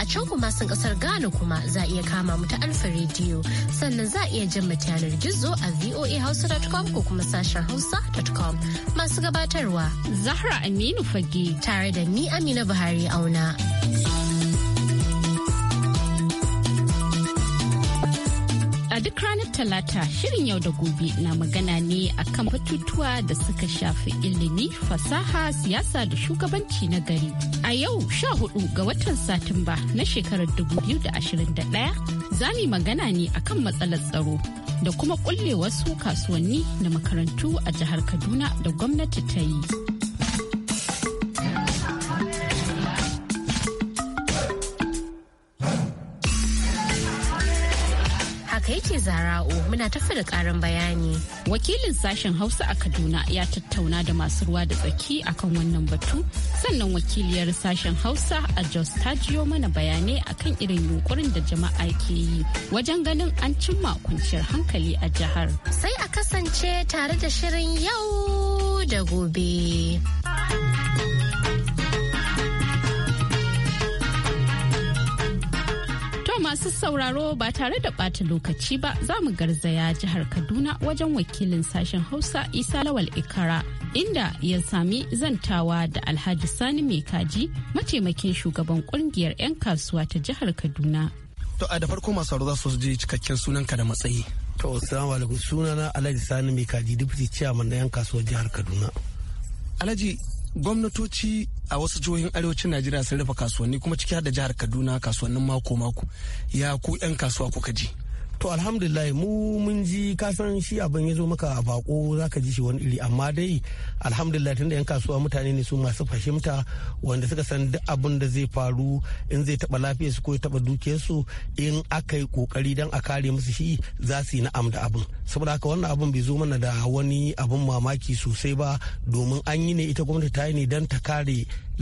a can kuma sun kasar Ghana kuma za iya kama mu ta alfa rediyo sannan za iya jin mu yanar gizo a voahausa.com ko kuma sashen hausa.com masu gabatarwa Zahra Aminu Fage tare da ni Amina Buhari auna. talata shirin yau da gobe na magana ne akan batutuwa da suka shafi ilimi, fasaha, siyasa da shugabanci na gari. A yau sha hudu ga watan Satumba na shekarar 2021 zami magana ne akan matsalar tsaro da kuma kullewar su kasuwanni na makarantu a jihar Kaduna da gwamnati ta yi. Zara'u muna tafi da karin bayani. Wakilin sashen Hausa a Kaduna ya tattauna da masu ruwa da tsaki akan wannan batu, sannan wakiliyar sashen Hausa a Jos ta jiyo mana bayanai akan irin yunkurin da jama'a ke yi wajen ganin an cimma kwanciyar hankali a jihar. Sai a kasance tare da shirin yau da gobe. masu sauraro ba tare da bata lokaci ba za mu garzaya jihar Kaduna wajen wakilin sashen Hausa Isa Lawal Ikara inda ya sami zantawa da Alhaji Sani Mai Kaji mataimakin shugaban kungiyar 'yan kasuwa ta jihar Kaduna. To a da farko masu sauraro za su je cikakken sunanka da matsayi. To assalamu alaikum sunana Alhaji Sani Mai Kaji ciyaman na 'yan kasuwar jihar Kaduna. Alhaji gwamnatoci a wasu jihohin arewacin najeriya sun rufe kasuwanni kuma ciki har da jihar kaduna kasuwannin mako mako ya ku yan kasuwa kuka ji to alhamdulillah mu mun ji kasan shi abin ya zo maka a bako zaka ji shi wani iri amma dai alhamdulillah tunda yan kasuwa mutane ne su masu fahimta wanda suka san duk abin da zai faru in zai taba lafiyar su ko ya taba dukiyar su in aka yi kokari dan a kare musu shi za su yi na'am da abin saboda haka wannan abin bai zo mana da wani abin mamaki sosai ba domin an yi ne ita gwamnati ta yi ne dan ta kare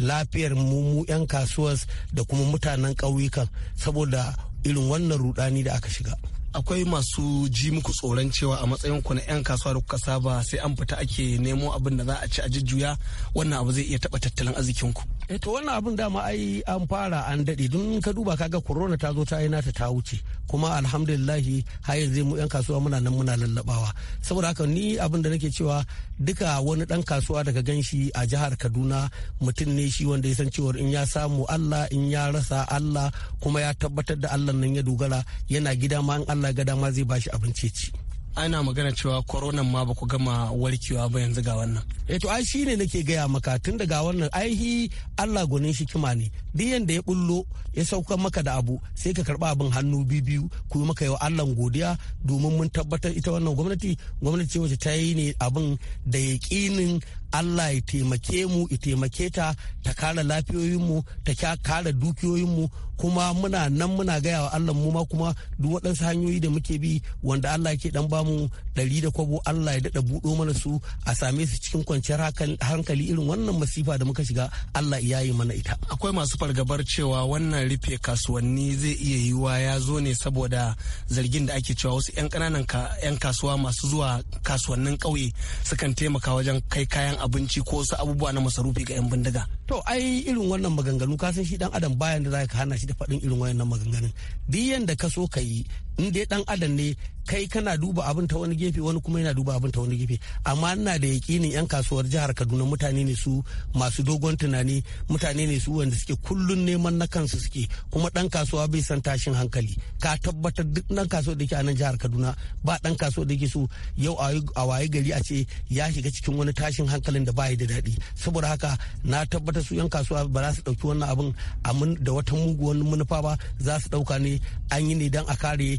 lafiyar mu 'yan kasuwas da kuma mutanen ƙauyukan saboda irin wannan rudani da aka shiga. akwai masu ji muku tsoron cewa a matsayin ku na 'yan kasuwa da kuka saba sai an fita ake nemo abin da za a ci a jujjuya wannan abu zai iya taɓa tattalin arzikin ku. eh to wannan abin dama ai an fara an dade don ka duba kaga corona ta zo ta yi nata ta wuce kuma alhamdulillahi har yanzu mu yan kasuwa muna nan muna lallabawa saboda haka ni abin da nake cewa duka wani dan kasuwa daga ganshi a jihar Kaduna mutum ne shi wanda ya san cewa in ya samu Allah in ya rasa Allah kuma ya tabbatar da Allah nan ya dogara yana gida ma in Allah ga dama zai bashi abinci ci ana magana cewa koronan ma ba ku gama warkewa ba yanzu ga wannan eh to ai shine nake gaya maka tun daga wannan aihi Allah gwanin kima ne duk yanda ya bullo ya sauka maka da abu sai ka karba abin hannu biyu ku maka yau Allah godiya domin mun tabbatar ita wannan gwamnati gwamnati ce wacce ta yi ne abin da yaƙinin Allah ya taimake mu ya taimake ta ta kare lafiyoyinmu ta kare dukiyoyinmu kuma muna nan muna gaya wa Allah mu ma kuma duk waɗansu hanyoyi da muke bi wanda Allah ke dan bamu ɗari da kwabo Allah ya daɗa buɗo mana su a same su cikin kwanciyar hankali irin wannan masifa da muka shiga Allah ya yi mana ita. Akwai masu fargabar cewa wannan rufe kasuwanni zai iya yiwuwa ya zo ne saboda zargin da ake cewa wasu 'yan ƙananan 'yan kasuwa masu zuwa kasuwannin ƙauye sukan taimaka wajen kai kayan abinci ko wasu abubuwa na masarufi ga 'yan bindiga. To ai irin wannan maganganu ka shi dan adam bayan da za ka hana shi da faɗin irin wannan maganganun. Duk yanda ka so ka yi in dai dan adam ne kai kana duba abin ta wani gefe wani kuma yana duba abin ta wani gefe amma ina da yakinin yan kasuwar jihar kaduna mutane ne su masu dogon tunani mutane ne su wanda suke kullun neman na kansu suke kuma dan kasuwa bai san tashin hankali ka tabbatar duk dan kasuwa da ke a nan jihar kaduna ba dan kasuwa da ke so yau a waye gari a ce ya shiga cikin wani tashin hankalin da ba da daɗi saboda haka na tabbatar su yan kasuwa ba za su ɗauki wannan abin da wata muguwar manufa ba za su ɗauka ne an yi ne dan a kare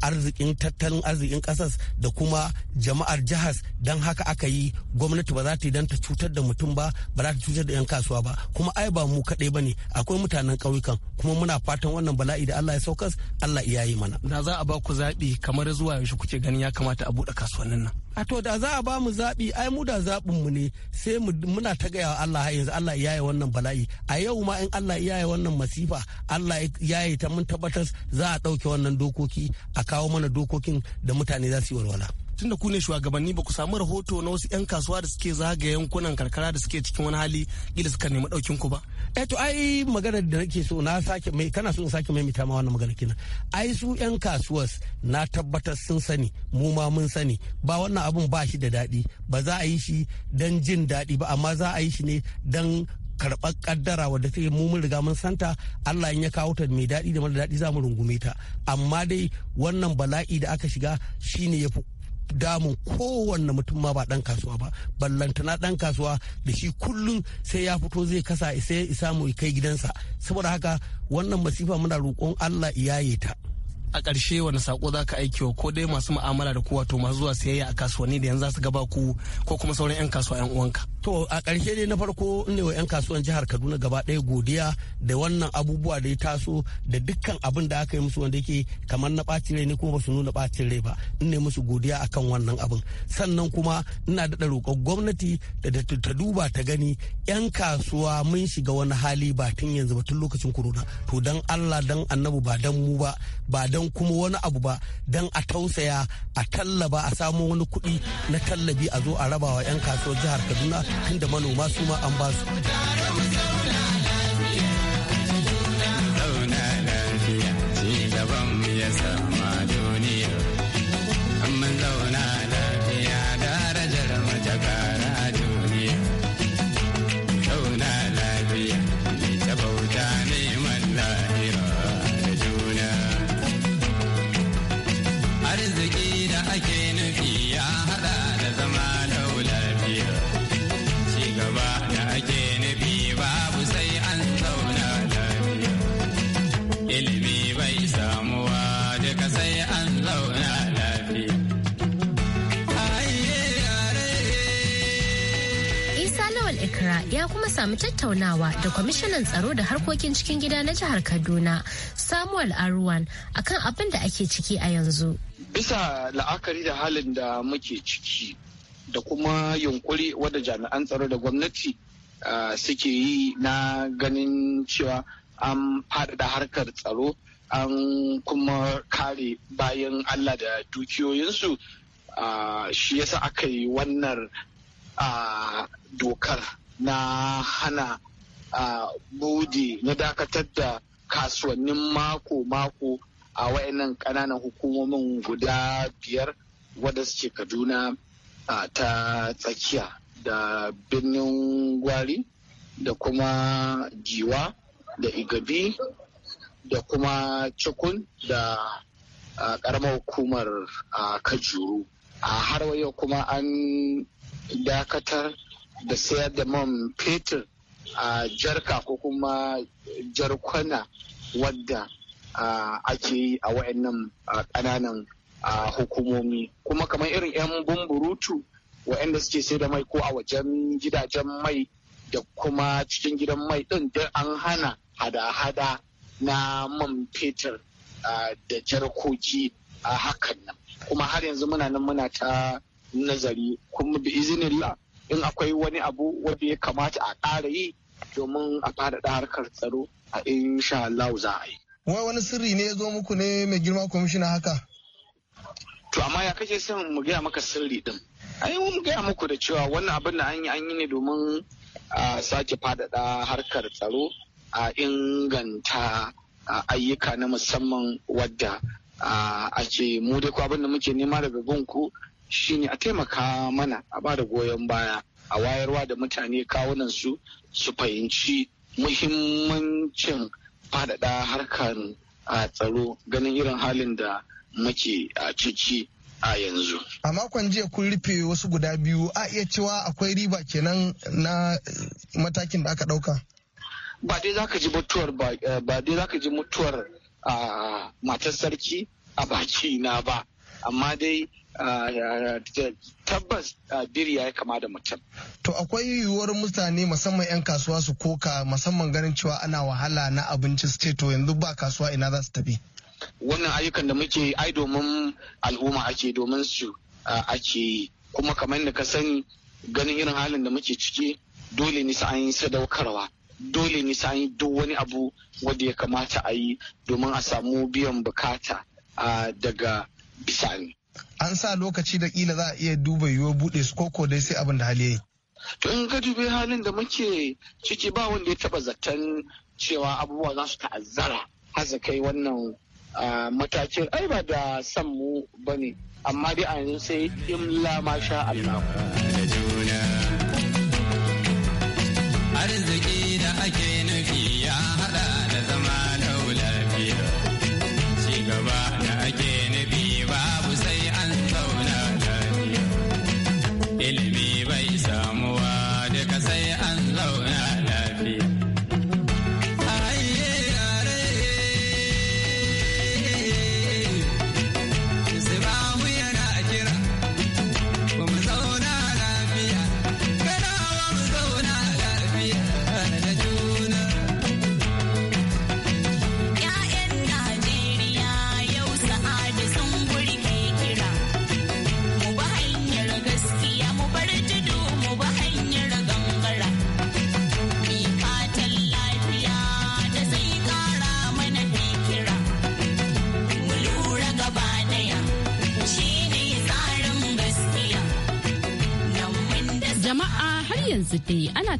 arzikin tattalin arzikin kasas da kuma jama'ar jihar don haka aka yi gwamnati ba za ta yi don ta cutar da mutum ba ba za ta cutar da 'yan kasuwa ba kuma ai ba mu kaɗai ba ne akwai mutanen ƙauyukan kuma muna fatan wannan bala'i da Allah ya saukas Allah iya yi mana. Da za a ba ku zaɓi kamar zuwa yaushe kuke ganin ya kamata a buɗe kasuwannin nan. A to da za a ba mu zaɓi ai mu da zaɓin mu ne sai muna ta gaya wa Allah yanzu Allah iya yi wannan bala'i a yau ma in Allah iya yi wannan masifa Allah ya yi ta mun tabbatar za a ɗauke wannan dokoki a kawo mana dokokin da mutane za su yi walwala tun da ku ne shugabanni ba ku samu rahoto na wasu 'yan kasuwa da suke zaga yankunan karkara da suke cikin wani hali gida suka nemi daukin ku ba. eh to ai magana da nake so na sake mai kana so in sake mai mita ma wannan magana kenan ai su 'yan kasuwar na tabbatar sun sani mu ma mun sani ba wannan abun ba shi da daɗi ba za a yi shi don jin daɗi ba amma za a yi shi ne don karɓar kaddara wadda ta mu mun riga mun santa Allah in ya kawo ta mai daɗi da mara daɗi za mu rungume ta amma dai wannan bala'i da aka shiga shine ya fi damun kowanne mutum ma ba dan kasuwa ba ballantana dan kasuwa da shi kullum sai ya fito zai kasa sai isa mu kai gidansa saboda haka wannan masifa muna roƙon Allah iyaye ta a ƙarshe wani sako za ka aiki ko dai masu mu'amala da kowa to masu zuwa sayayya a kasuwanni da yanzu za su gaba ku ko kuma sauran 'yan kasuwa 'yan uwanka To a ƙarshe ne na farko ne wa 'yan kasuwan jihar Kaduna gaba ɗaya godiya da wannan abubuwa da ya taso da dukkan abin da aka yi musu wanda yake kamar na ɓacin rai ne kuma ba su nuna ɓacin rai ba in ne musu godiya akan wannan abin sannan kuma ina daɗa roƙon gwamnati da ta duba ta gani 'yan kasuwa mun shiga wani hali ba tun yanzu ba tun lokacin corona to dan Allah dan annabu ba dan mu ba ba dan kuma wani abu ba dan a tausaya a tallaba a samo wani kuɗi na tallabi a zo a rabawa 'yan kasuwar jihar Kaduna tunda manoma su ma an ba su kuma samu tattaunawa da kwamishinan tsaro da harkokin cikin gida na jihar kaduna samuel arwan akan abin da ake ciki a yanzu bisa la'akari da halin da muke ciki da kuma yunkuri wadda jami'an tsaro da gwamnati suke yi na ganin cewa an faɗaɗa harkar tsaro an kuma kare bayan allah da dukiyoyinsu shi yasa aka yi wannan dokar na hana budi na dakatar da kasuwannin mako-mako a wayannan ƙananan hukumomin guda biyar wadda suke kaduna ta tsakiya da birnin gwari da kuma giwa da igabi da kuma cikun da karamar hukumar kajuru a har yau kuma an dakatar da sayar da man fetur a jarka ko kuma jarkwana wadda ake yi a wa'annan ƙananan hukumomi kuma kamar irin 'yan bumburutu wa'anda suke sai da mai ko a wajen gidajen mai da kuma cikin gidan mai ɗin duk an hana hada-hada na man fetur da jarkoki a hakan nan kuma har yanzu muna nan muna ta nazari kuma bi izinin in akwai wani abu wanda ya kamata a ƙara yi domin a faɗaɗa harkar tsaro a insha Allah za a yi. Wai wani sirri ne ya zo muku ne mai girma kwamishina haka? To amma ya kake son mu gaya maka sirri din. Ai mun gaya muku da cewa wannan abin da an yi an yi ne domin a sake faɗaɗa harkar tsaro a inganta ayyuka na musamman wadda a ce mu dai abin da muke nema daga gunku shine a taimaka mana a ba da goyon baya a wayarwa da mutane kawunan su su fahimci muhimmancin faɗaɗa harkar tsaro ganin irin halin da muke a ciki a yanzu. A makon jiya kun rufe wasu guda biyu a iya cewa akwai riba kenan na eh, matakin da aka ɗauka. Ba dai zaka ji mutuwar ba eh, dai za ji mutuwar matar sarki a baki na ba amma dai tabbas biri ya kama da mutum. To akwai yiwuwar mutane musamman 'yan kasuwa su koka musamman ganin cewa ana wahala na abinci su to yanzu ba kasuwa ina za su tafi. Wannan ayyukan da muke ai domin al'umma ake domin su ake yi kuma kamar da ka sani ganin irin halin da muke ciki dole ne an yi sadaukarwa dole ne an yi duk wani abu wanda ya kamata a yi domin a samu biyan bukata daga bisani. an sa lokaci da kila za a iya duba yiwuwar buɗe su koko dai sai abin da hali yayi to in ka dubi halin da muke ciki ba wanda ya taba zaton cewa abubuwa za su ta'azzara haza kai wannan matakin ai ba da san mu ne, amma dai a yanzu sai in la masha Allah arziki da ake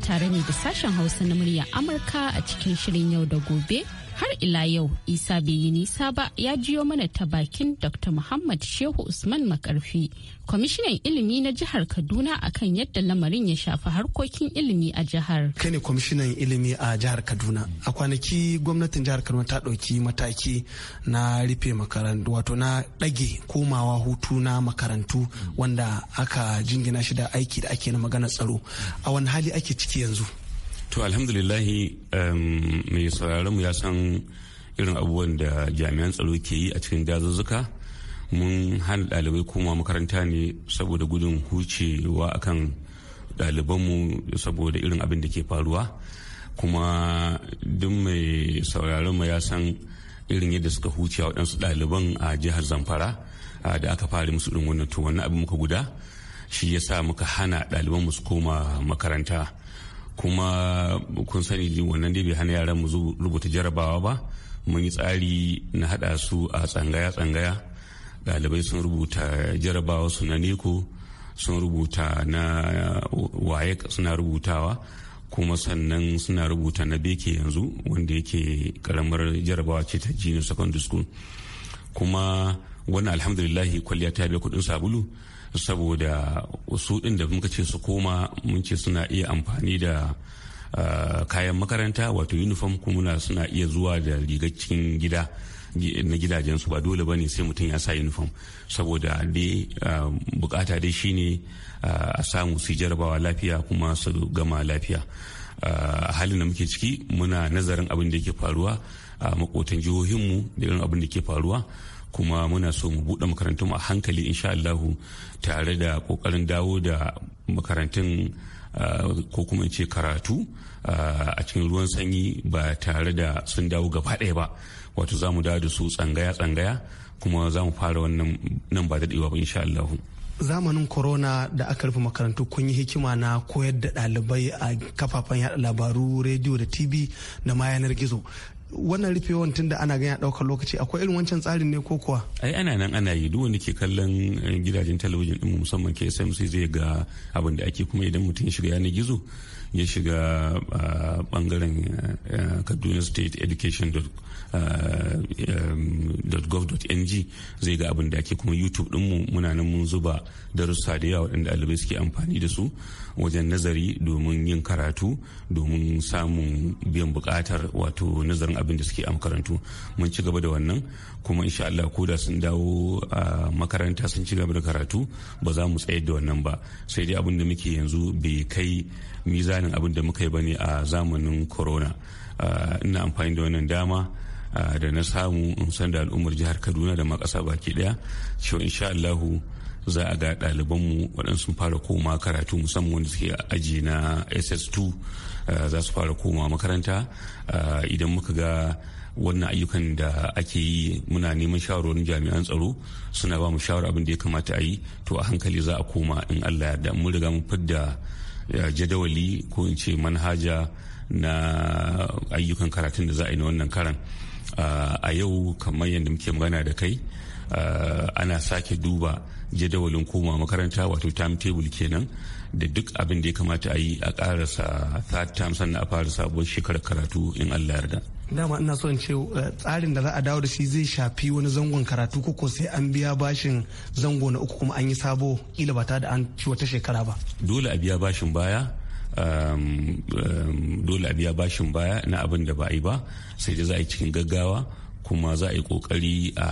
tare ne da sashen hausa na murya amurka a cikin shirin yau da gobe ila yau isa bai yi nisa ba ya jiyo mana ta bakin dr muhammad shehu usman makarfi kwamishinan ilimi na jihar kaduna akan yadda lamarin ya shafi harkokin ilimi a jihar kai ne kwamishinan ilimi a jihar kaduna a kwanaki gwamnatin jihar kaduna ta ɗauki mataki na rufe makarantu wato na ɗage komawa hutu na makarantu wanda aka jingina shi da aiki da ake na magana tsaro a wani hali ake ciki yanzu to alhamdulillahi um, mai sauraron mu ya san irin abubuwan da jami'an tsaro ke yi a cikin dazuzzuka mun hana ɗalibai koma makaranta ne saboda gudun hucewa akan ɗalibanmu saboda irin abin da ke faruwa kuma duk mai sauraron mu ya san irin yadda suka huce waɗansu ɗaliban a jihar zamfara da aka fara musu irin wannan to wannan abin muka guda shi ya sa muka hana ɗaliban su koma makaranta kuma kun sani wannan dai bai hana yaran mu rubuta jarabawa ba mun yi tsari na hada su a tsangaya tsangaya ɗalibai sun rubuta jarabawa su na neko sun rubuta na waye suna rubutawa kuma sannan suna rubuta na beke yanzu wanda yake karamar jarabawa ce ta junior secondary school kuma wannan alhamdulillahi kwalliya ta biya kudin sabulu saboda su ɗin da muka ce su koma mun ce suna iya amfani da ah, kayan makaranta wato uniform kuma suna iya zuwa da rigar cikin gida na gidajensu ba dole ba ne sai mutum ya sa uniform saboda dai ah, bukata dai shine ah, a samu su jarabawa lafiya kuma su gama lafiya a halin da muke ciki muna nazarin abin da yake faruwa a makotan jihohinmu da irin abin da ke faruwa kuma muna so mu buɗe makarantun a hankali insha Allahu tare da ƙoƙarin dawo da makarantun ah, ko kuma ce karatu ah, a cikin ruwan sanyi ba tare da sun dawo gaba ɗaya ba wato za mu dawo da su tsangaya-tsangaya kuma za mu fara wannan nan ba daɗewa ba insha Allah. zamanin corona da aka rufe makarantu kun yi hikima na koyar da ɗalibai a kafafen yada labaru rediyo da tv da ma yanar gizo wannan rufe rufewan tun da ana gani a ɗaukar lokaci akwai irin wancan tsarin ne ko kuwa ai ana nan ana yi duk wanda ke kallon eh, gidajen talabijin din musamman ke smc zai ga abin da ake kuma idan mutum ya shiga yanar gizo ya shiga bangaren ah, eh, eh, kaduna state education ah, .gov.ng zai ga abin da ake kuma youtube dinmu muna nan mun zuba darussa da yawa waɗanda ɗalibai suke amfani da su wajen nazari domin yin karatu domin samun biyan bukatar wato nazarin abin da suke a makarantu mun ci gaba da wannan kuma insha Allah ko da sun dawo a makaranta sun ci gaba da karatu ba za mu tsayar da wannan ba sai dai abin da muke yanzu bai kai mizanin abin da muka yi bane a zamanin corona ina amfani da wannan dama da na samu in san da al'ummar jihar kaduna da ma ƙasa baki daya cewa insha Allah za a ga ɗalibanmu waɗansu fara koma karatu musamman wanda suke aji na ss2 eh, za su fara koma makaranta eh, idan muka ga wannan ayyukan da ake yi muna neman shawarwarin jami'an tsaro suna ba mu shawarar abin da ya kamata a yi to a hankali za a koma in allah yarda mun riga mun fidda eh, jadawali ko in ce manhaja na ayyukan karatun da za a yi na wannan karan a yau kamar yadda muke magana da kai Eh, ana sake duba jadawalin koma makaranta wato timetable kenan da duk abin da ya kamata a yi a karasa third term sannan a fara sabon shekarar karatu in allah yarda dama ina son ce eh, tsarin da za a dawo da shi zai shafi wani zangon karatu ko sai an biya bashin zango na uku kuma an yi sabo kila ba ta da an ci wata shekara ba dole a biya bashin baya ehm, ehm, dole a biya bashin baya na abin da ba a yi ba sai da za a yi cikin gaggawa kuma za a yi kokari a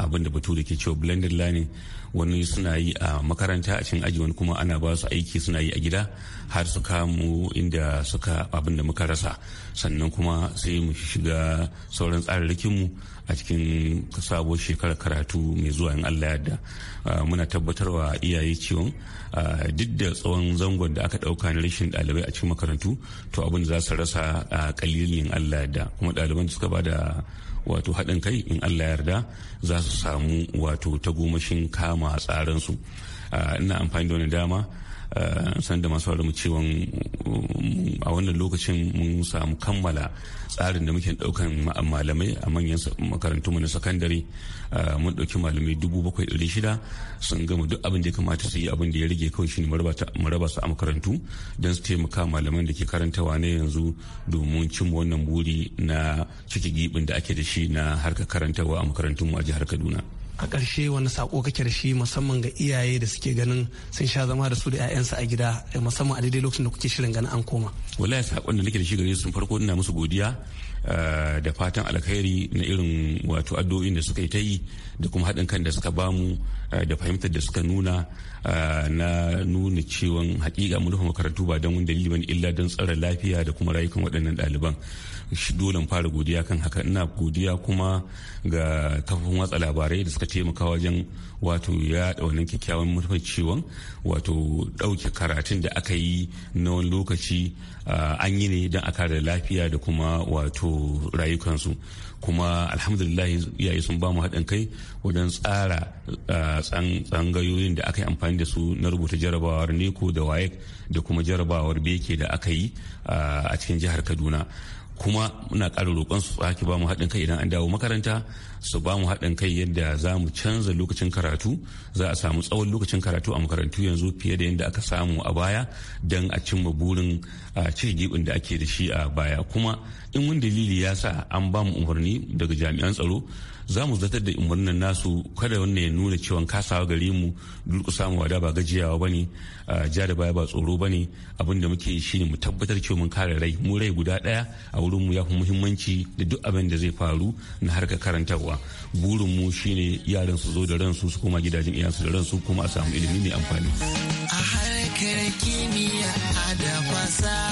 abin da bature ke cewa blended learning wani suna yi a makaranta a cikin aji wani kuma ana ba su aiki suna yi a gida har su kamu inda suka abin da muka rasa sannan kuma sai mu shiga sauran tsararrakin mu a cikin sabuwar shekarar karatu mai zuwa in Allah yadda muna tabbatarwa iyaye ciwon duk da tsawon zangon da aka dauka na rashin dalibai a cikin makarantu to abin da za su rasa kalilin Allah yadda kuma ɗaliban da suka ba da wato haɗin kai in allah yarda za su samu wato tagomashin kama tsaransu ah, ina amfani da wani dama Eh, san da masu mu ciwon a wannan lokacin mun samu kammala tsarin da muke daukan malamai a manyan makarantunmu na sakandare eh, mun dauki malamai dubu shida sun gama duk abin da ya kamata su yi abin da ya rage kawai shi mu raba su a makarantu don su taimaka malaman da ke karantawa na yanzu domin cimma wannan buri na ciki gibin da ake da shi na harkar karantawa a makarantunmu a jihar kaduna. a ƙarshe wani sako kake da shi musamman ga iyaye da suke ganin sun sha zama da su da 'ya'yansu a gida musamman a daidai lokacin da kuke shirin ganin an koma wallahi sakon da nake da shi gare su farko ina musu godiya Eh, da fatan alkhairi na irin wato addu'o'in da suka yi ta yi da kuma haɗin kan da suka bamu eh, da fahimtar da suka nuna eh, na nuna ciwon hakika mu rufe makarantu ba don wani dalili illa don tsara lafiya da kuma rayukan waɗannan ɗaliban shi dole fara godiya kan haka ina godiya kuma ga kafofin watsa labarai da suka taimaka wajen wato ya wannan kyakkyawan manufar ciwon wato ɗauke karatun da aka yi na wani lokaci an yi ne don a kare lafiya da kuma wato rayukansu kuma alhamdulillah iyaye sun ba mu haɗin kai wajen tsara tsangayoyin da aka yi amfani da su na rubuta jarabawar neko da waye da kuma jarabawar beke e da aka yi a cikin jihar kaduna kuma muna ƙara roƙon su ake ba mu haɗin kai idan an dawo makaranta su ba mu haɗin kai yadda za mu canza lokacin karatu za a samu tsawon lokacin karatu a makarantu yanzu fiye da yadda aka samu a baya don a cimma burin cike gibin da ake da shi a baya kuma in wani dalili ya sa an ba mu umarni daga jami'an tsaro za mu zartar da umarnin nasu kada wannan ya nuna cewa kasawa gare mu durƙusa mu wada ba gajiyawa ba ne ja da baya ba tsoro ba ne abin da muke shi ne mu tabbatar cewa mun kare rai mu rai guda ɗaya a wurin mu ya fi muhimmanci da duk abin da zai faru na harkar karantarwa burin mu shi ne yaran su zo da ransu su koma gidajen iyansu da ransu kuma a samu ilimi mai amfani. A harkar kimiyya a da fasaha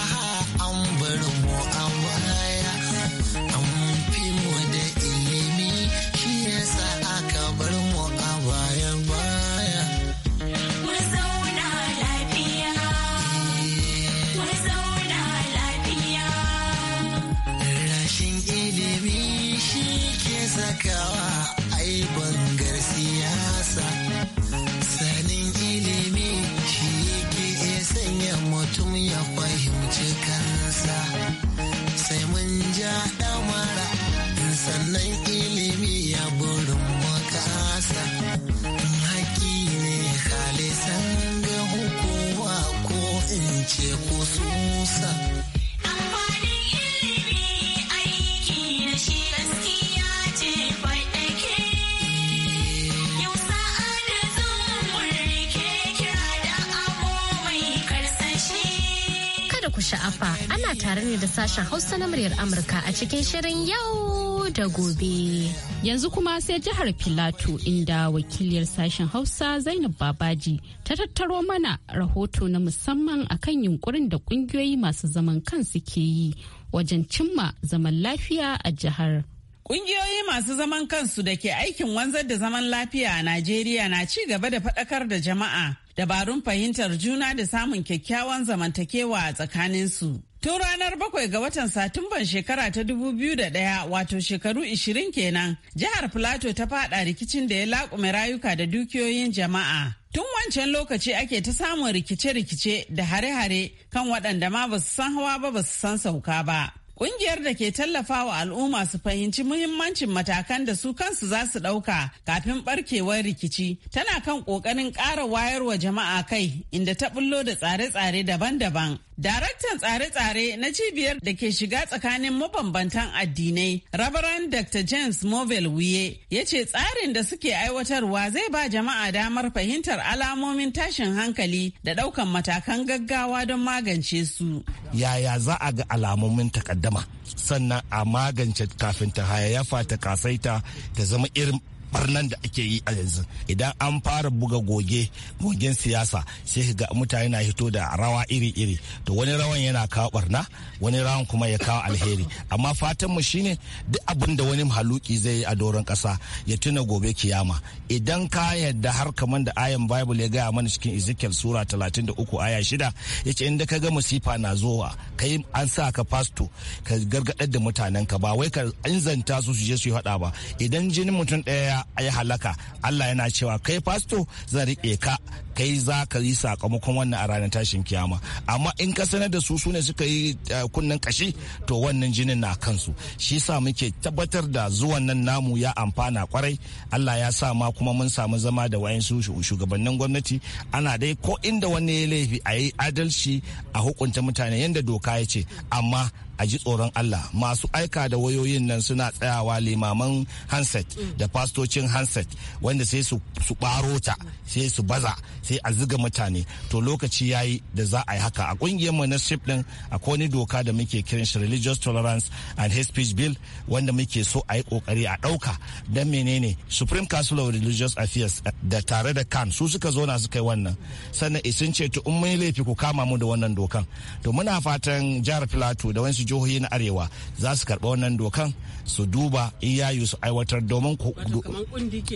ku sha'afa ana tare ne da sashen Hausa na muryar Amurka a cikin shirin yau da gobe. Yanzu kuma sai jihar Filato inda wakiliyar sashen Hausa Zainab Babaji ta tattaro mana rahoto na musamman akan yunkurin da kungiyoyi masu zaman kansu ke yi wajen cimma zaman lafiya a jihar. Ƙungiyoyi masu zaman kansu da ke aikin wanzar da zaman lafiya a Najeriya na ci gaba da faɗakar da jama'a dabarun fahimtar juna da samun kyakkyawan zamantakewa a tsakaninsu. Tun ranar bakwai ga watan Satumban shekara ta dubu biyu da ɗaya wato shekaru ishirin kenan, jihar Filato ta fada rikicin da ya laƙume rayuka da dukiyoyin jama'a. Tun wancan lokaci ake ta samun rikice-rikice da hare-hare kan waɗanda ma ba su san hawa ba ba su san sauka ba. Ƙungiyar da ke tallafawa al'umma su fahimci muhimmancin matakan da su kansu za su ɗauka kafin ɓarkewar rikici tana kan ƙoƙarin ƙara wayarwa jama'a kai inda ta bullo da tsare-tsare daban-daban. Daraktan tsare-tsare na cibiyar da ke shiga tsakanin mabambantan addinai, Rabaran Dr. James Movell Wuye, ya ce tsarin da suke aiwatarwa zai ba jama'a damar fahimtar alamomin tashin hankali da ɗaukan matakan gaggawa don magance su. Yaya za a ga alamomin takaddama? dama sannan a magance kafin ta haya ya ta kasaita ta zama irin barnan da ake yi a yanzu idan an fara buga goge gogen siyasa sai ga mutane na hito da rawa iri-iri to wani rawan yana kawo barna wani rawan kuma ya kawo alheri amma fatan mu shine duk abin da wani haluki zai yi a doron kasa ya tuna gobe kiyama idan ka yadda har kaman da ayan bible ya gaya mana cikin ezekiel sura 33 aya 6 yace inda ka ga musifa na zowa kai an sa ka fasto ka gargadar da mutanen ka ba wai ka inzanta su su je su yi hada ba idan jinin mutum daya a yi halaka Allah yana cewa kai fasto zan riƙe ka kai za ka yi sakamakon wannan a ranar tashin kiyama amma in ka sanar da su su ne suka yi eh, kunnen kashi to wannan jinin na kansu shi sa muke tabbatar da zuwan nan namu ya amfana kwarai Allah ya sa ma kuma mun samu zama da wayansu shugabannin gwamnati ana dai ko inda wani ya laifi a yi adalci a hukunta mutane yadda doka ya ce amma a ji tsoron Allah masu aika da wayoyin nan suna tsayawa limaman hanset da fastocin hanset wanda sai su ɓaro ta sai su baza sai a ziga mutane to lokaci ya yi da za a yi haka a ƙungiyar mu na ship din akwai wani doka da muke kiran shi religious tolerance and hate speech bill wanda muke so a yi kokari a ɗauka don menene supreme council of religious affairs da tare da kan su suka zo na suka yi wannan sannan isin ce to in mun laifi ku kama mu da wannan dokan to muna fatan jihar plateau da wani jihohi na arewa za su karba wannan dokan su duba in yayu su aiwatar domin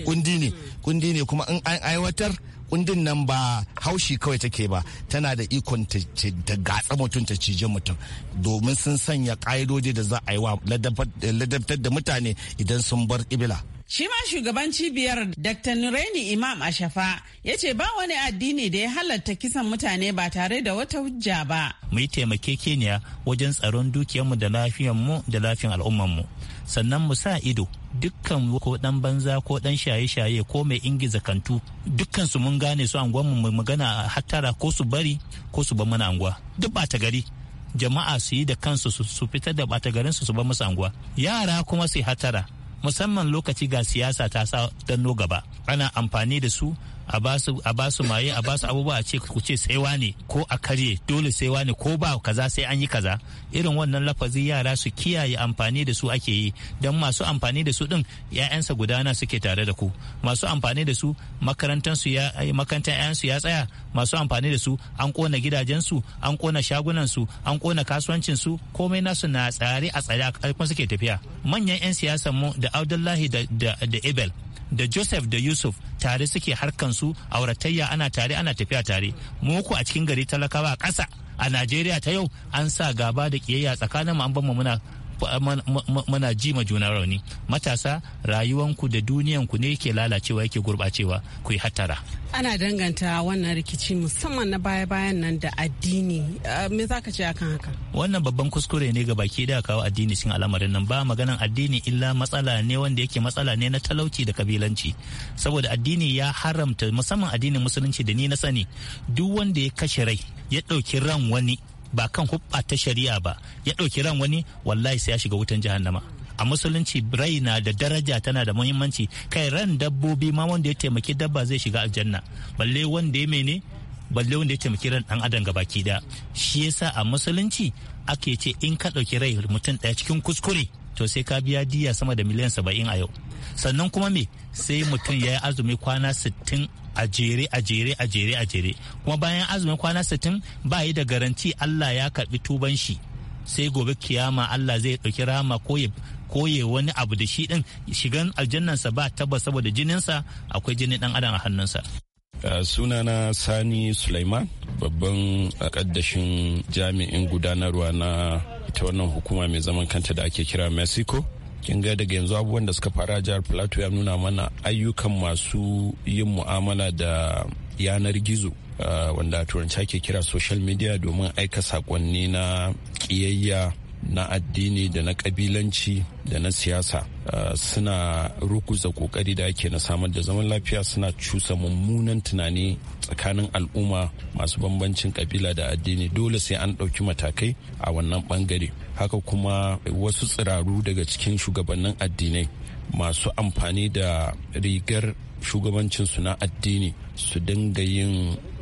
kundi ne hmm. kundi ne kuma in an aiwatar kundin nan ba haushi kawai take ba tana da ikon ta gatsa mutum ta cije mutum domin sun sanya ƙa'idodi da za a yi wa ladabtar da mutane idan sun bar ibila Shi ma shugaban cibiyar Dr. Nureni Imam Ashafa ya ce ba wani addini da ya halatta kisan mutane ba tare da wata hujja ba. Mu yi taimakekeniya wajen tsaron dukiyarmu da lafiyarmu da lafiyan al'ummarmu. Sannan mu sa ido dukkan ko dan banza ko dan shaye-shaye ko mai ingiza kantu dukkan su mun gane su anguwanmu mu magana a hattara ko su bari ko su ba mana anguwa duk ba ta gari jama'a su yi da kansu su fitar da ta garin su su ba musu anguwa yara kuma su hattara. musamman lokaci ga siyasa ta sa danno gaba ana amfani da su a basu su maye a basu abubuwa a ce ku ce sai wane ko a karye dole sai wane ko ba kaza sai an yi kaza irin wannan lafazi yara su kiyaye amfani da su ake yi don masu amfani da su din ƴaƴansa gudana suke tare da ku masu amfani da su makarantar su ya eh, makarantar ƴaƴansu ya tsaya masu amfani da su an kona gidajensu an kona shagunansu an kona kasuwancin su komai nasu na tsare a tsare a suke tafiya manyan 'yan siyasan mu da abdullahi da ebel da joseph da yusuf tare suke harkansu auratayya ana tare ana tafiya tare muku a cikin gari talakawa a ƙasa a najeriya ta yau an sa gaba da ƙiyayya tsakanin mu an ban muna Eh, muna ji ma juna rauni matasa rayuwanku da duniyanku ne yake lalacewa yake gurbacewa ku yi hattara ana danganta wannan rikici musamman na baya-bayan nan da addini eh, me za ka ce akan haka wannan babban kuskure ne ga baki da kawo addini cikin al'amarin nan ba maganan addini illa matsala ne wanda yake matsala ne na talauci da kabilanci saboda addini ya haramta musamman addinin musulunci da ni na sani duk wanda ya kashe rai ya ɗauki ran wani ba kan hubba ta shari'a ba ya ɗauki ran wani wallahi sai ya shiga wutan jahannama a musulunci rai na da daraja tana da muhimmanci kai ran dabbobi ma wanda ya taimaki dabba zai shiga aljanna balle wanda ya mene balle wanda ya taimaki ran dan adam gabaki da shi yasa a musulunci ake ce in ka ɗauki rai mutum ɗaya cikin kuskure to sai ka biya diya sama da miliyan saba'in a yau sannan kuma me sai mutum ya yi azumi kwana sittin a jere a jere a jere a jere kuma bayan azumin kwana sittin ba yi da garanti Allah ya karbi tuban shi sai gobe kiyama Allah zai ɗauki rama koye koye wani abu da shi din shigan aljannansa ba tabbas saboda jininsa akwai jinin dan adam a hannunsa Uh, sunana sani suleiman babban kaddashin jami'in gudanarwa na ita wannan hukuma mai zaman kanta da ake kira mexico kin ga daga yanzu abubuwan da suka fara jihar plateau ya nuna mana ayyukan masu yin mu'amala da yanar gizo uh, wanda turanci ake kira social media domin aika sakonni na kiyayya na addini da na kabilanci da na siyasa uh, suna rukuza kokari da ake na samar da zaman lafiya suna cusa mummunan tunani tsakanin al'umma masu bambancin kabila da addini dole sai an ɗauki matakai a wannan bangare haka kuma wasu tsiraru daga cikin shugabannin addinai masu amfani da rigar shugabancinsu na addini su dinga yin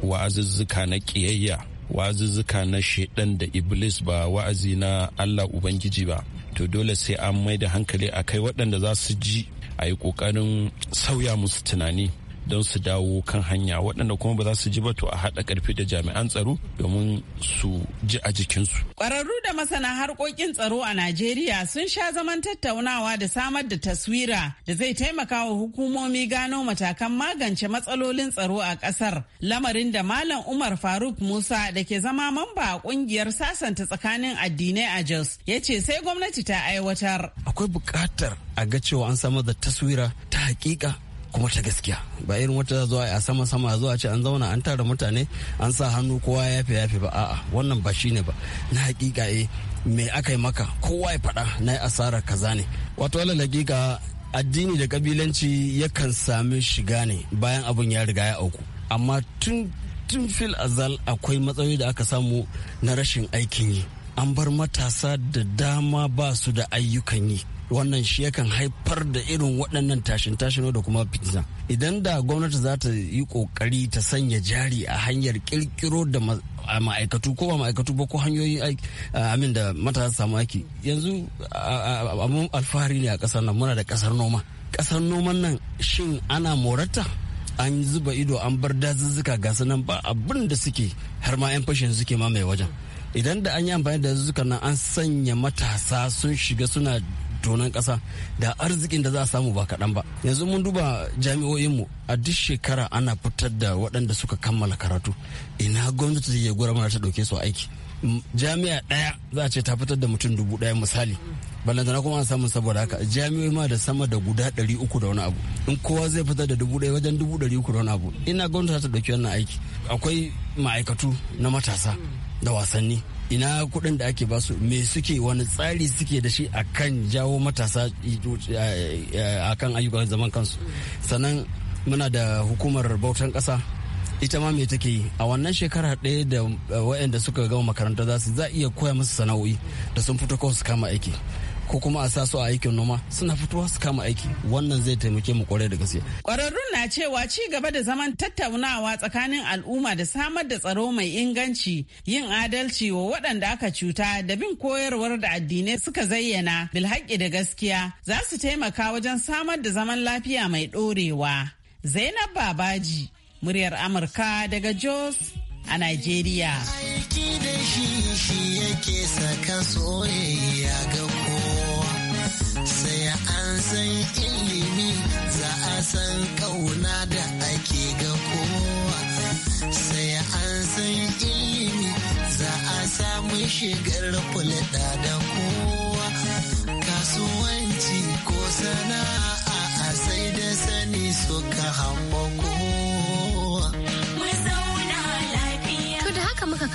wa'azuzzuka na ƙiyayya wazuzzuka na shaidan da iblis ba wa'azi na allah ubangiji ba to dole sai an mai da hankali a kai waɗanda za su ji a yi ƙoƙarin sauya musu tunani don su dawo kan hanya waɗanda kuma ba za su ji ba to a haɗa ƙarfi da jami'an tsaro domin su ji a jikinsu. Ƙwararru da masana harkokin tsaro a Najeriya sun sha zaman tattaunawa da samar da taswira da zai taimaka wa hukumomi gano matakan magance matsalolin tsaro a ƙasar. Lamarin da Malam Umar Faruk Musa da ke zama mamba a ƙungiyar sasanta tsakanin addinai a Jos ya ce sai gwamnati ta aiwatar. Akwai buƙatar a ga cewa an samar da taswira ta hakika kuma ta gaskiya ba irin wata zuwa a sama sama zuwa ce an zauna an tara mutane an sa hannu kowa ya fi yafi ba a'a wannan ba shine ba na hakika eh me aka yi maka kowa ya faɗa na yi asarar kaza ne wato wala hakika addini da kabilanci yakan sami shiga ne bayan abun ya riga ya auku amma tun tun fil azal akwai matsayi da aka samu na rashin aikin yi an bar matasa da dama ba su da ayyukan yi wannan shi yakan haifar da irin waɗannan tashin tashin da kuma fitina idan da gwamnati za ta yi ƙoƙari ta sanya jari a hanyar ƙirƙiro da ma'aikatu ko ba ma'aikatu ba ko hanyoyin amin da matasa samu aiki yanzu mun alfahari ne a ƙasar nan muna da ƙasar noma ƙasar noman nan shin ana morata an zuba ido an bar dazuzzuka ga nan ba abin da suke har ma 'yan fashin suke ma mai wajen idan da an yi amfani da zuzzukan nan an sanya matasa sun shiga suna tonon ƙasa da arzikin da za a samu ba kaɗan ba yanzu mun duba jami'o'inmu a duk shekara ana fitar da waɗanda suka kammala karatu ina gwamnati zai gura mana ta ɗauke su aiki jami'a ɗaya za ce ta fitar da mutum dubu ɗaya misali balantana kuma an samu saboda haka jami'oi ma da sama da guda ɗari uku da wani abu in kowa zai fitar da dubu ɗaya wajen dubu ɗari uku da wani abu ina gwamnati ta ɗauki wannan aiki akwai ma'aikatu na matasa da wasanni ina kuɗin da ake basu me suke wani tsari suke da shi a kan jawo matasa a kan ayyukan zaman kansu sannan muna da hukumar bautan kasa ita ma me take yi a wannan shekara ɗaya da eh, wa'anda suka gama makaranta za su za iya koya musu sana'o'i da sun fito kawai su kama aiki ko kuma a sa su a aikin noma suna fitowa su kama aiki wannan zai taimake mu kwarai da gaske. Kwararrun na cewa ci gaba da zaman tattaunawa tsakanin al'umma da samar da tsaro mai inganci yin adalci wa waɗanda aka cuta da bin koyarwar da addinai suka zayyana bilhaƙi da gaskiya za su taimaka wajen samar da zaman lafiya mai ɗorewa. Zainab Babaji, muryar Amurka daga Jos a Nigeria. Aiki da shi shi yake saka soyayya ga kowa. sai an san ilimi za a san kauna da ake ga kowa sai an san ilimi za a samu shigar kula da kowa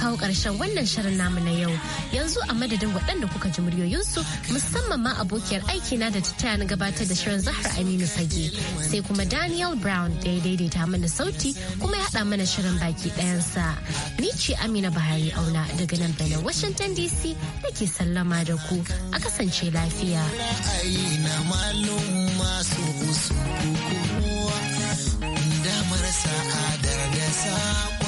kawo ƙarshen wannan shirin namu na yau yanzu a madadin waɗanda kuka ji muryoyinsu musamman ma abokiyar aikina da ta na gabatar da shirin zahar aminu sage sai kuma daniel brown da ya daidaita mana sauti kuma ya haɗa mana shirin baki ɗayansa ni ce amina bahari auna daga nan benin washington dc da ke sallama da ku a kasance lafiya. sa'adar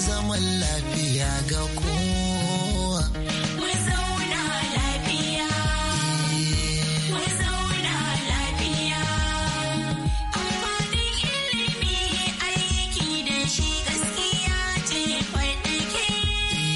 zaman lafiya ga kowa